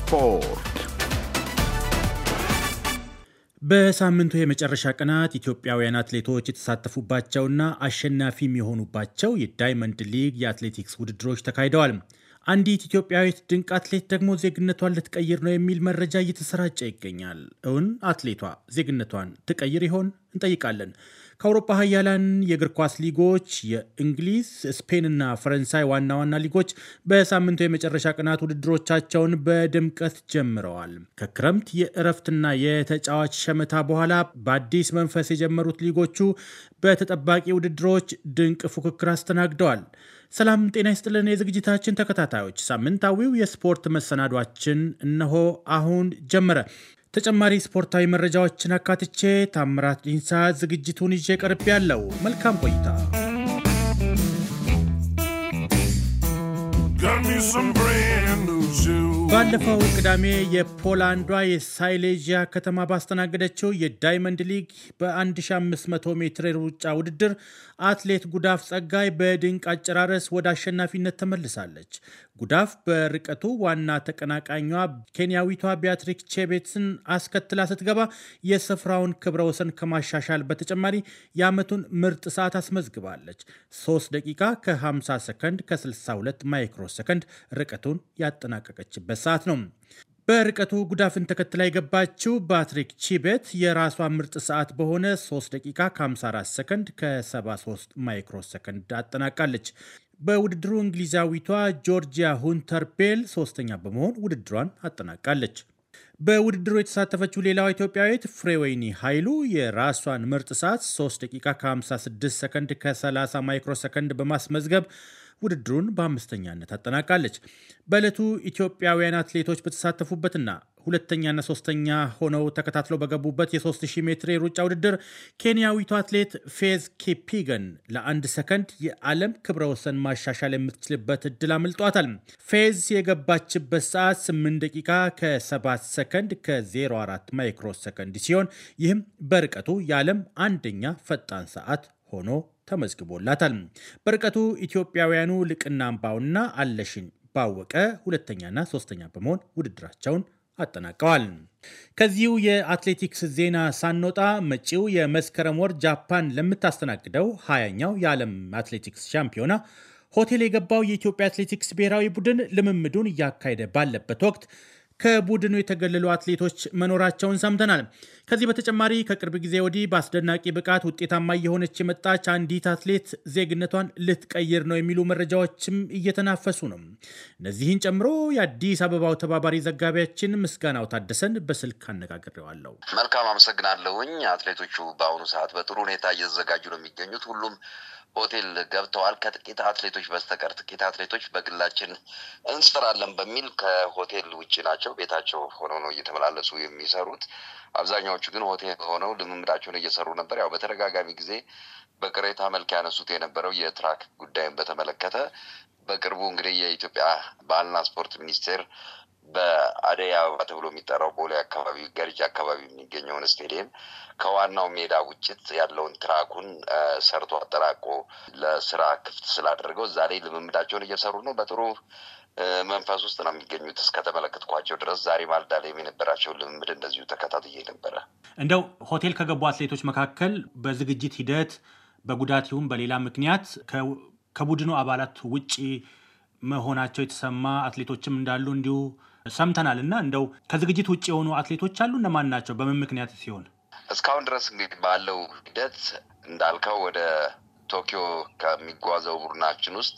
ስፖርት በሳምንቱ የመጨረሻ ቀናት ኢትዮጵያውያን አትሌቶች የተሳተፉባቸውና አሸናፊም የሆኑባቸው የዳይመንድ ሊግ የአትሌቲክስ ውድድሮች ተካሂደዋል። አንዲት ኢትዮጵያዊት ድንቅ አትሌት ደግሞ ዜግነቷን ልትቀይር ነው የሚል መረጃ እየተሰራጨ ይገኛል። እውን አትሌቷ ዜግነቷን ትቀይር ይሆን? እንጠይቃለን። ከአውሮፓ ሀያላን የእግር ኳስ ሊጎች የእንግሊዝ፣ ስፔንና ፈረንሳይ ዋና ዋና ሊጎች በሳምንቱ የመጨረሻ ቀናት ውድድሮቻቸውን በድምቀት ጀምረዋል። ከክረምት የእረፍትና የተጫዋች ሸመታ በኋላ በአዲስ መንፈስ የጀመሩት ሊጎቹ በተጠባቂ ውድድሮች ድንቅ ፉክክር አስተናግደዋል። ሰላም ጤና ይስጥልን፣ የዝግጅታችን ተከታታዮች ሳምንታዊው የስፖርት መሰናዷችን እነሆ አሁን ጀመረ። ተጨማሪ ስፖርታዊ መረጃዎችን አካትቼ ታምራት ዲንሳ ዝግጅቱን ይዤ ቀርብ ያለው መልካም ቆይታ። Got me some brand new shoes. ባለፈው ቅዳሜ የፖላንዷ የሳይሌዥያ ከተማ ባስተናገደችው የዳይመንድ ሊግ በ1500 ሜትር ሩጫ ውድድር አትሌት ጉዳፍ ጸጋይ በድንቅ አጨራረስ ወደ አሸናፊነት ተመልሳለች። ጉዳፍ በርቀቱ ዋና ተቀናቃኟ ኬንያዊቷ ቢያትሪክ ቼቤትስን አስከትላ ስትገባ የስፍራውን ክብረ ወሰን ከማሻሻል በተጨማሪ የዓመቱን ምርጥ ሰዓት አስመዝግባለች። 3 ደቂቃ ከ50 ሰከንድ ከ62 ማይክሮ ሰከንድ ርቀቱን ያጠናቀቀችበት ሰዓት ነው። በርቀቱ ጉዳፍን ተከትላ የገባችው ባትሪክ ቺቤት የራሷ ምርጥ ሰዓት በሆነ 3 ደቂቃ ከ54 ሰከንድ ከ73 ማይክሮ ሰከንድ አጠናቃለች። በውድድሩ እንግሊዛዊቷ ጆርጂያ ሁንተር ቤል ሶስተኛ በመሆን ውድድሯን አጠናቃለች። በውድድሩ የተሳተፈችው ሌላዋ ኢትዮጵያዊት ፍሬወይኒ ኃይሉ የራሷን ምርጥ ሰዓት 3 ደቂቃ ከ56 ሰከንድ ከ30 ማይክሮ ሰከንድ በማስመዝገብ ውድድሩን በአምስተኛነት አጠናቃለች። በዕለቱ ኢትዮጵያውያን አትሌቶች በተሳተፉበትና ሁለተኛና ሶስተኛ ሆነው ተከታትለው በገቡበት የ3000 ሜትር የሩጫ ውድድር ኬንያዊቱ አትሌት ፌዝ ኪፒገን ለአንድ ሰከንድ የዓለም ክብረ ወሰን ማሻሻል የምትችልበት እድል አምልጧታል። ፌዝ የገባችበት ሰዓት 8 ደቂቃ ከ7 ሰከንድ ከ04 ማይክሮ ሰከንድ ሲሆን ይህም በርቀቱ የዓለም አንደኛ ፈጣን ሰዓት ሆኖ ተመዝግቦላታል። በርቀቱ ኢትዮጵያውያኑ ልቅና አምባውና አለሽኝ ባወቀ ሁለተኛና ሶስተኛ በመሆን ውድድራቸውን አጠናቀዋል። ከዚሁ የአትሌቲክስ ዜና ሳንወጣ መጪው የመስከረም ወር ጃፓን ለምታስተናግደው ሀያኛው የዓለም አትሌቲክስ ሻምፒዮና ሆቴል የገባው የኢትዮጵያ አትሌቲክስ ብሔራዊ ቡድን ልምምዱን እያካሄደ ባለበት ወቅት ከቡድኑ የተገለሉ አትሌቶች መኖራቸውን ሰምተናል። ከዚህ በተጨማሪ ከቅርብ ጊዜ ወዲህ በአስደናቂ ብቃት ውጤታማ እየሆነች የመጣች አንዲት አትሌት ዜግነቷን ልትቀይር ነው የሚሉ መረጃዎችም እየተናፈሱ ነው። እነዚህን ጨምሮ የአዲስ አበባው ተባባሪ ዘጋቢያችን ምስጋናው ታደሰን በስልክ አነጋግሬዋለሁ። መልካም አመሰግናለሁኝ። አትሌቶቹ በአሁኑ ሰዓት በጥሩ ሁኔታ እየተዘጋጁ ነው የሚገኙት። ሁሉም ሆቴል ገብተዋል። ከጥቂት አትሌቶች በስተቀር ጥቂት አትሌቶች በግላችን እንስራለን በሚል ከሆቴል ውጭ ናቸው። ናቸው። ቤታቸው ሆነው ነው እየተመላለሱ የሚሰሩት። አብዛኛዎቹ ግን ሆቴል ሆነው ልምምዳቸውን እየሰሩ ነበር። ያው በተደጋጋሚ ጊዜ በቅሬታ መልክ ያነሱት የነበረው የትራክ ጉዳይን በተመለከተ በቅርቡ እንግዲህ የኢትዮጵያ ባህልና ስፖርት ሚኒስቴር በአደይ አበባ ተብሎ የሚጠራው ቦሌ አካባቢ ገርጅ አካባቢ የሚገኘውን ስቴዲየም ከዋናው ሜዳ ውጭት ያለውን ትራኩን ሰርቶ አጠራቆ ለስራ ክፍት ስላደረገው እዛ ላይ ልምምዳቸውን እየሰሩ ነው በጥሩ መንፈስ ውስጥ ነው የሚገኙት እስከተመለከትኳቸው ድረስ ዛሬ ማልዳ ላይ የነበራቸው ልምምድ እንደዚሁ ተከታትዬ ነበረ። እንደው ሆቴል ከገቡ አትሌቶች መካከል በዝግጅት ሂደት በጉዳት ይሁን በሌላ ምክንያት ከቡድኑ አባላት ውጪ መሆናቸው የተሰማ አትሌቶችም እንዳሉ እንዲሁ ሰምተናል እና እንደው ከዝግጅት ውጭ የሆኑ አትሌቶች አሉ። እነማን ናቸው? በምን ምክንያት ሲሆን? እስካሁን ድረስ እንግዲህ ባለው ሂደት እንዳልከው ወደ ቶኪዮ ከሚጓዘው ቡድናችን ውስጥ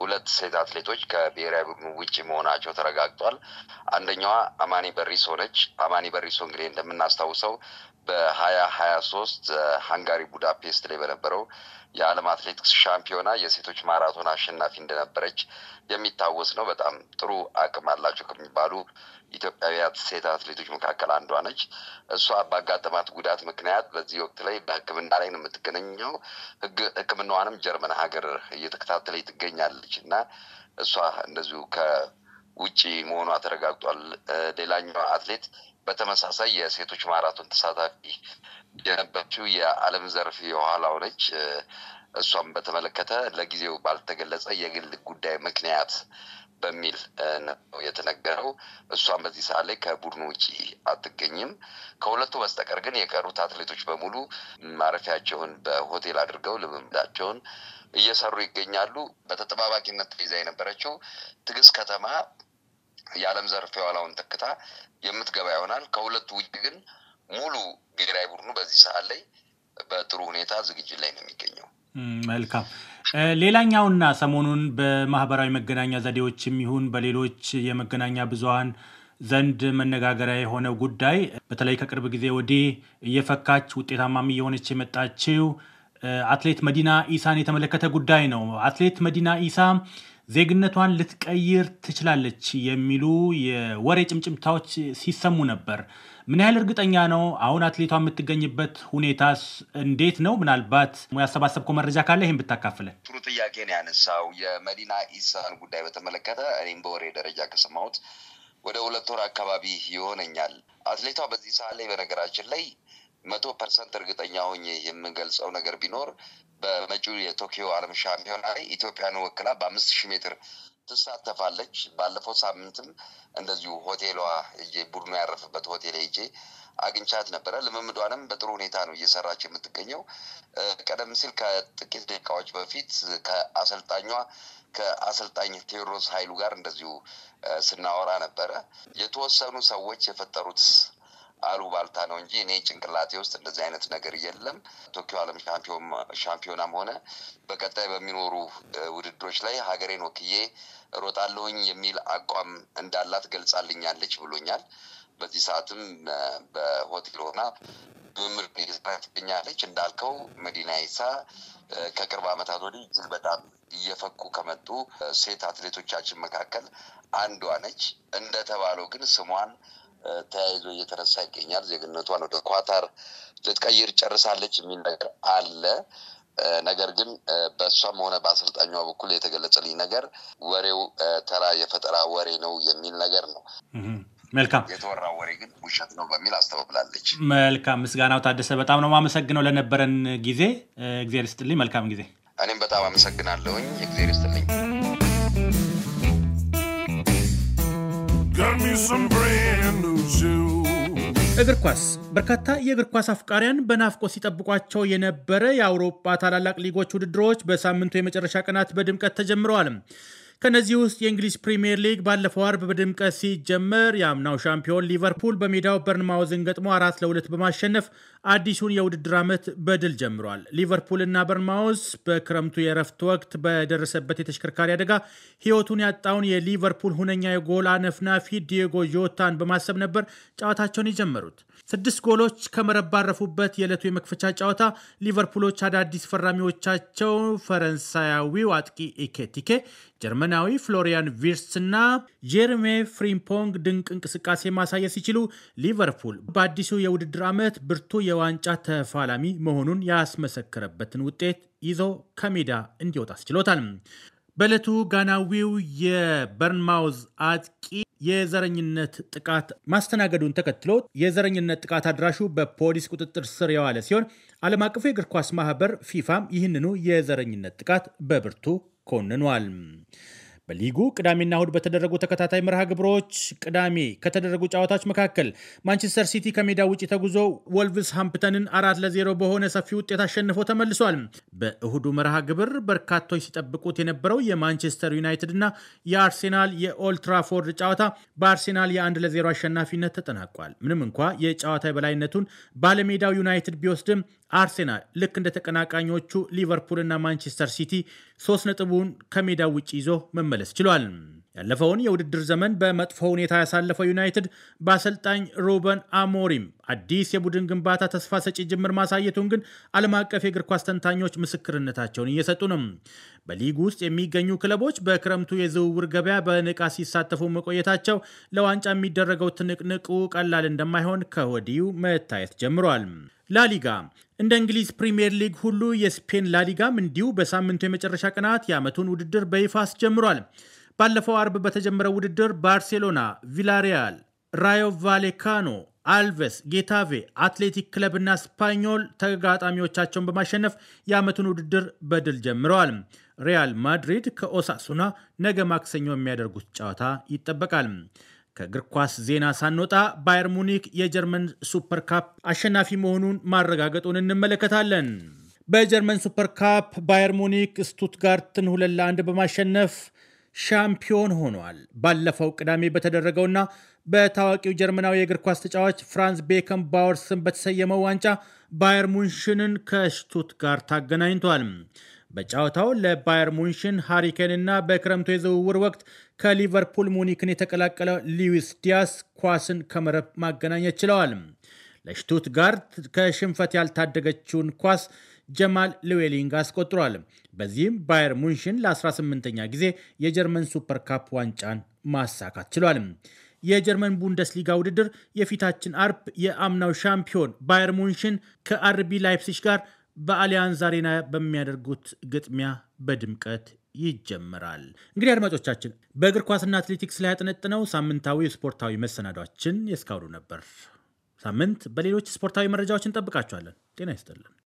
ሁለት ሴት አትሌቶች ከብሔራዊ ቡድኑ ውጭ መሆናቸው ተረጋግጧል። አንደኛዋ አማኒ በሪሶ ነች። አማኒ በሪሶ እንግዲህ እንደምናስታውሰው በሀያ ሀያ ሶስት ሃንጋሪ ቡዳፔስት ላይ በነበረው የዓለም አትሌቲክስ ሻምፒዮና የሴቶች ማራቶን አሸናፊ እንደነበረች የሚታወስ ነው። በጣም ጥሩ አቅም አላቸው ከሚባሉ ኢትዮጵያውያት ሴት አትሌቶች መካከል አንዷ ነች። እሷ ባጋጠማት ጉዳት ምክንያት በዚህ ወቅት ላይ በሕክምና ላይ ነው የምትገኘው። ሕክምናዋንም ጀርመን ሀገር እየተከታተለች ትገኛለች እና እሷ እንደዚሁ ከውጭ መሆኗ ተረጋግጧል። ሌላኛው አትሌት በተመሳሳይ የሴቶች ማራቶን ተሳታፊ የነበረችው የዓለም ዘርፍ የኋላው ነች። እሷም በተመለከተ ለጊዜው ባልተገለጸ የግል ጉዳይ ምክንያት በሚል ነው የተነገረው። እሷም በዚህ ሰዓት ላይ ከቡድኑ ውጪ አትገኝም። ከሁለቱ በስተቀር ግን የቀሩት አትሌቶች በሙሉ ማረፊያቸውን በሆቴል አድርገው ልምምዳቸውን እየሰሩ ይገኛሉ። በተጠባባቂነት ተይዛ የነበረችው ትዕግስት ከተማ የዓለም ዘርፍ የኋላውን ተክታ የምትገባ ይሆናል። ከሁለቱ ውጭ ግን ሙሉ ብሔራዊ ቡድኑ በዚህ ሰዓት ላይ በጥሩ ሁኔታ ዝግጅት ላይ ነው የሚገኘው። መልካም። ሌላኛውና ሰሞኑን በማህበራዊ መገናኛ ዘዴዎችም ይሁን በሌሎች የመገናኛ ብዙሃን ዘንድ መነጋገሪያ የሆነ ጉዳይ በተለይ ከቅርብ ጊዜ ወዲህ እየፈካች ውጤታማም እየሆነች የመጣችው አትሌት መዲና ኢሳን የተመለከተ ጉዳይ ነው። አትሌት መዲና ኢሳ ዜግነቷን ልትቀይር ትችላለች የሚሉ የወሬ ጭምጭምታዎች ሲሰሙ ነበር። ምን ያህል እርግጠኛ ነው? አሁን አትሌቷ የምትገኝበት ሁኔታስ እንዴት ነው? ምናልባት ያሰባሰብከው መረጃ ካለ ይህን ብታካፍለን። ጥሩ ጥያቄ ነው ያነሳው። የመዲና ኢሳን ጉዳይ በተመለከተ እኔም በወሬ ደረጃ ከሰማሁት ወደ ሁለት ወር አካባቢ ይሆነኛል። አትሌቷ በዚህ ሰዓት ላይ በነገራችን ላይ መቶ ፐርሰንት እርግጠኛ ሆኜ የምገልጸው ነገር ቢኖር በመጪው የቶኪዮ ዓለም ሻምፒዮና ላይ ኢትዮጵያን ወክላ በአምስት ሺህ ሜትር ትሳተፋለች። ባለፈው ሳምንትም እንደዚሁ ሆቴሏ እጄ ቡድኑ ያረፍበት ሆቴል እጄ አግኝቻት ነበረ። ልምምዷንም በጥሩ ሁኔታ ነው እየሰራች የምትገኘው። ቀደም ሲል ከጥቂት ደቂቃዎች በፊት ከአሰልጣኟ ከአሰልጣኝ ቴዎድሮስ ኃይሉ ጋር እንደዚሁ ስናወራ ነበረ። የተወሰኑ ሰዎች የፈጠሩት አሉባልታ ነው እንጂ እኔ ጭንቅላቴ ውስጥ እንደዚህ አይነት ነገር የለም። ቶኪዮ ዓለም ሻምፒዮናም ሆነ በቀጣይ በሚኖሩ ውድድሮች ላይ ሀገሬን ወክዬ እሮጣለሁኝ የሚል አቋም እንዳላት ገልጻልኛለች ብሎኛል። በዚህ ሰዓትም በሆቴል ሆና ምምር ትገኛለች። እንዳልከው መዲና ይሳ ከቅርብ ዓመታት ወዲህ እጅግ በጣም እየፈቁ ከመጡ ሴት አትሌቶቻችን መካከል አንዷ ነች። እንደተባለው ግን ስሟን ተያይዞ እየተነሳ ይገኛል። ዜግነቷን ወደ ኳታር ልትቀይር ጨርሳለች የሚል ነገር አለ። ነገር ግን በእሷም ሆነ በአሰልጣኛ በኩል የተገለጸልኝ ነገር ወሬው ተራ የፈጠራ ወሬ ነው የሚል ነገር ነው። መልካም የተወራ ወሬ ግን ውሸት ነው በሚል አስተባብላለች። መልካም ምስጋናው ታደሰ፣ በጣም ነው የማመሰግነው ለነበረን ጊዜ። እግዜር ይስጥልኝ። መልካም ጊዜ። እኔም በጣም አመሰግናለሁኝ። እግዜር ይስጥልኝ። እግር ኳስ በርካታ የእግር ኳስ አፍቃሪያን በናፍቆት ሲጠብቋቸው የነበረ የአውሮፓ ታላላቅ ሊጎች ውድድሮች በሳምንቱ የመጨረሻ ቀናት በድምቀት ተጀምረዋል። ከነዚህ ውስጥ የእንግሊዝ ፕሪምየር ሊግ ባለፈው አርብ በድምቀት ሲጀመር የአምናው ሻምፒዮን ሊቨርፑል በሜዳው በርንማውዝን ገጥሞ አራት ለሁለት በማሸነፍ አዲሱን የውድድር ዓመት በድል ጀምሯል። ሊቨርፑልና በርንማውዝ በክረምቱ የእረፍት ወቅት በደረሰበት የተሽከርካሪ አደጋ ሕይወቱን ያጣውን የሊቨርፑል ሁነኛ የጎል አነፍናፊ ዲዮጎ ጆታን በማሰብ ነበር ጨዋታቸውን የጀመሩት። ስድስት ጎሎች ከመረብ ባረፉበት የዕለቱ የመክፈቻ ጨዋታ ሊቨርፑሎች አዳዲስ ፈራሚዎቻቸው ፈረንሳያዊው አጥቂ ኢኬቲኬ፣ ጀርመናዊ ፍሎሪያን ቪርስ እና ጄርሜ ፍሪምፖንግ ድንቅ እንቅስቃሴ ማሳየት ሲችሉ ሊቨርፑል በአዲሱ የውድድር ዓመት ብርቱ የዋንጫ ተፋላሚ መሆኑን ያስመሰከረበትን ውጤት ይዞ ከሜዳ እንዲወጣ አስችሎታል። በዕለቱ ጋናዊው የበርንማውዝ አጥቂ የዘረኝነት ጥቃት ማስተናገዱን ተከትሎ የዘረኝነት ጥቃት አድራሹ በፖሊስ ቁጥጥር ስር የዋለ ሲሆን ዓለም አቀፉ የእግር ኳስ ማህበር ፊፋም ይህንኑ የዘረኝነት ጥቃት በብርቱ ኮንኗል። በሊጉ ቅዳሜና እሁድ በተደረጉ ተከታታይ መርሃ ግብሮች ቅዳሜ ከተደረጉ ጨዋታዎች መካከል ማንቸስተር ሲቲ ከሜዳ ውጭ ተጉዞ ወልቭስ ሃምፕተንን አራት ለዜሮ በሆነ ሰፊ ውጤት አሸንፎ ተመልሷል። በእሁዱ መርሃ ግብር በርካቶች ሲጠብቁት የነበረው የማንቸስተር ዩናይትድ እና የአርሴናል የኦልትራፎርድ ጨዋታ በአርሴናል የአንድ ለዜሮ አሸናፊነት ተጠናቋል። ምንም እንኳ የጨዋታ የበላይነቱን ባለሜዳው ዩናይትድ ቢወስድም አርሴናል ልክ እንደ ተቀናቃኞቹ ሊቨርፑል እና ማንቸስተር ሲቲ ሶስት ነጥቡን ከሜዳው ውጭ ይዞ መመለስ ችሏል። ያለፈውን የውድድር ዘመን በመጥፎ ሁኔታ ያሳለፈው ዩናይትድ በአሰልጣኝ ሩበን አሞሪም አዲስ የቡድን ግንባታ ተስፋ ሰጪ ጅምር ማሳየቱን ግን ዓለም አቀፍ የእግር ኳስ ተንታኞች ምስክርነታቸውን እየሰጡ ነው። በሊግ ውስጥ የሚገኙ ክለቦች በክረምቱ የዝውውር ገበያ በንቃት ሲሳተፉ መቆየታቸው ለዋንጫ የሚደረገው ትንቅንቁ ቀላል እንደማይሆን ከወዲሁ መታየት ጀምሯል። ላሊጋ እንደ እንግሊዝ ፕሪምየር ሊግ ሁሉ የስፔን ላሊጋም እንዲሁ በሳምንቱ የመጨረሻ ቀናት የዓመቱን ውድድር በይፋ አስጀምሯል። ባለፈው አርብ በተጀመረው ውድድር ባርሴሎና፣ ቪላሪያል፣ ራዮ ቫሌካኖ፣ አልቬስ፣ ጌታቬ፣ አትሌቲክ ክለብ እና ስፓኞል ተጋጣሚዎቻቸውን በማሸነፍ የዓመቱን ውድድር በድል ጀምረዋል። ሪያል ማድሪድ ከኦሳሱና ነገ ማክሰኞ የሚያደርጉት ጨዋታ ይጠበቃል። ከእግር ኳስ ዜና ሳንወጣ ባየር ሙኒክ የጀርመን ሱፐር ካፕ አሸናፊ መሆኑን ማረጋገጡን እንመለከታለን። በጀርመን ሱፐር ካፕ ባየር ሙኒክ ስቱትጋርትን ሁለት ለአንድ በማሸነፍ ሻምፒዮን ሆኗል። ባለፈው ቅዳሜ በተደረገውና በታዋቂው ጀርመናዊ የእግር ኳስ ተጫዋች ፍራንስ ቤከን ባወር ስም በተሰየመው ዋንጫ ባየር ሙንሽንን ከሽቱት ጋር ታገናኝቷል። በጨዋታው ለባየር ሙንሽን ሃሪኬን እና በክረምቱ የዝውውር ወቅት ከሊቨርፑል ሙኒክን የተቀላቀለ ሊዊስ ዲያስ ኳስን ከመረብ ማገናኘት ችለዋል። ለሽቱትጋርት ከሽንፈት ያልታደገችውን ኳስ ጀማል ልዌሊንግ አስቆጥሯል። በዚህም ባየር ሙንሽን ለ18ኛ ጊዜ የጀርመን ሱፐር ካፕ ዋንጫን ማሳካት ችሏል። የጀርመን ቡንደስሊጋ ውድድር የፊታችን አርብ የአምናው ሻምፒዮን ባየር ሙንሽን ከአርቢ ላይፕሲሽ ጋር በአሊያንዝ አሬና በሚያደርጉት ግጥሚያ በድምቀት ይጀምራል። እንግዲህ አድማጮቻችን በእግር ኳስና አትሌቲክስ ላይ ያጠነጥነው ሳምንታዊ ስፖርታዊ መሰናዷችን የእስካሁኑ ነበር። ሳምንት በሌሎች ስፖርታዊ መረጃዎች እንጠብቃችኋለን። ጤና ይስጥልን።